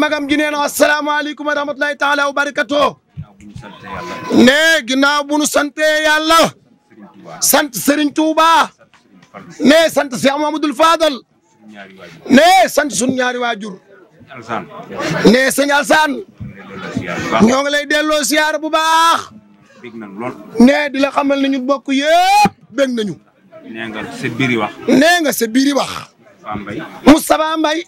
magam ji nee na asalaamaaleykum wa rahmatulahi taala wa barakatoo ne ginnaaw bu nu sante yàlla sant Serigne Touba ne sant Cheikh Mamadou Fadal ne sant sunu ñaari waajur ne Alsaan ñoo ngi lay delloo siyaar bu baax. bég nañ lool. nee di la xamal ne bokk yëpp bég nañu. nee nga sa biiri wax. nee nga sa biiri wax. Moustapha Mbaye. Moustapha Mbaye.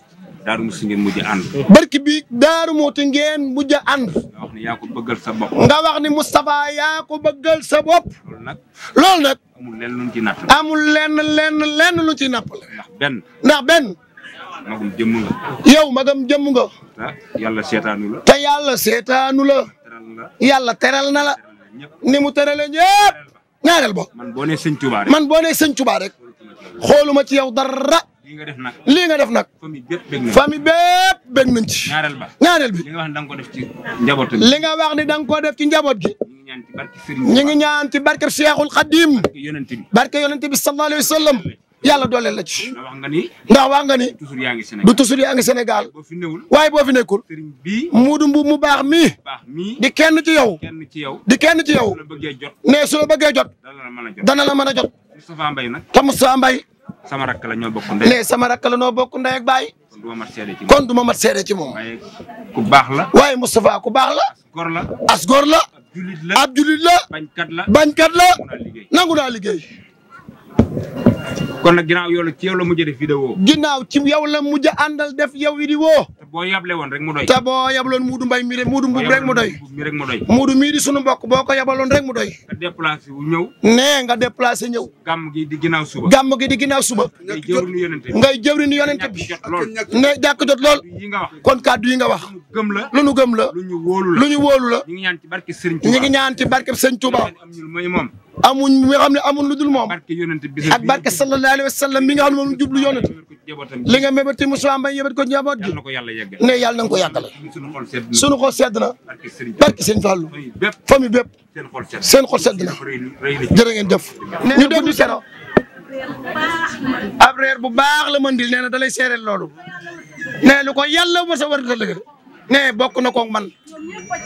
daaru Moussa mujj ànd. barki bi daaru Moussa ngeen mujj ànd. nga wax ni yaa ko bëggal sa bopp. nga wax ni mustafa yaa ko bëggal sa bopp. loolu nag. loolu nag. amul lenn amul lenn lenn lenn luñ ci napp. ndax ndax benn. magam jëmm nga. yow magam jëmm nga. yàlla seetaanu la. te yàlla seetaanu la. yàlla teral na la. ni mu terale ñëpp. ñaareel ba. man boo nee sëñ Touba rek. man boo nee sëñ Touba ci yow dara. lii nga def nag lii nga def nag. famille bépp bég nañ ci. ñaareel ba ñaareel bi. li nga wax ni da nga ko def ci njaboot li nga wax ni da nga ko def ci njaboot gi. ñu ngi ñaan ci barke Cheikhul Khadim. barke yonent bi sallallahu alayhi wa sallam. yàlla dooleel la ci. ndax wax nga ni. ndax wax nga ni. du toujours yaa ngi Sénégal. waaye boo fi nekkul. sëriñ bii. muudu mbuub mu baax mii. baax mii di kenn ci yow. kenn ci yow. di kenn ci yow. mais su la bëggee jot. dana la mën a jot. Moustapha Mbaye nag. te Moustapha Mbaye. sama rakk la ñoo bokk ndey. sama rakk la bokk ndey ak baay. kon du ma mat seede ci moom. waaye ku baax la. waaye Moustapha ku baax la. as góor la. as góor la. ab julit la. bañkat la. bañkat la nangu naa liggéey kon nag ginnaaw yow la ci yow la mujj def vidéo. ginnaaw ci yow la mujj àndal def yow vidéo. te boo yable woon rek mu doy. te boo yabaloon Moodu Mbaye mi rek Moodu Mbuub rek mu doy. Moodu mii di sunu mbokk boo ko yabaloon rek mu doy. nga déplacé wu ñëw. nee nga déplacé ñëw. gàmm gi di ginnaaw suba. gàmm gi di ginnaaw suba. ngay jëwriñu yonente bi ngay jëwriñu yonente bi. ne jàkk jot lool. kon kàddu yi nga wax. gëm la lu ñu gëm la. lu ñu wóolu la lu ñu wóolu la. ñu ngi ñaan ci barke Sëñ Touba amuñ mi nga xam ne amuñ lu dul moom ak barke sallallahu alayhi wa sallam mi nga xam ne moom jublu yonent li nga mébéti Moussa Mbaye yébét ko njaboot gi ne yàlla na nga ko yàggale suñu xol sedd na barke sëñ Fallou famille bépp seen xol sedd na jërë ngeen jëf bu baax la mën dil nee na da lay seereel loolu ne lu ko yàlla ma sa war a dëgg ne bokk na ko man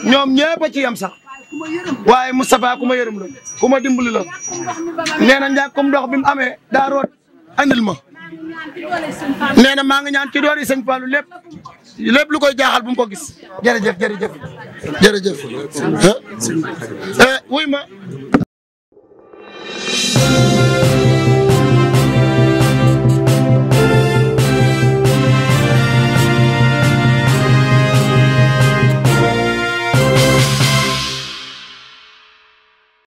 ñoom ñëpp a ci yam sax waaye Moustapha ku ma yërëm la ku ma dimbali la nee na njàkkum dox bi mu amee daa root andil ma nee na maa ngi ñaan ci doori sëñ Fallou lépp lépp lu koy jaaxal bu ko gis jërëjëf jërëjëf jërëjëf eh, wuy ma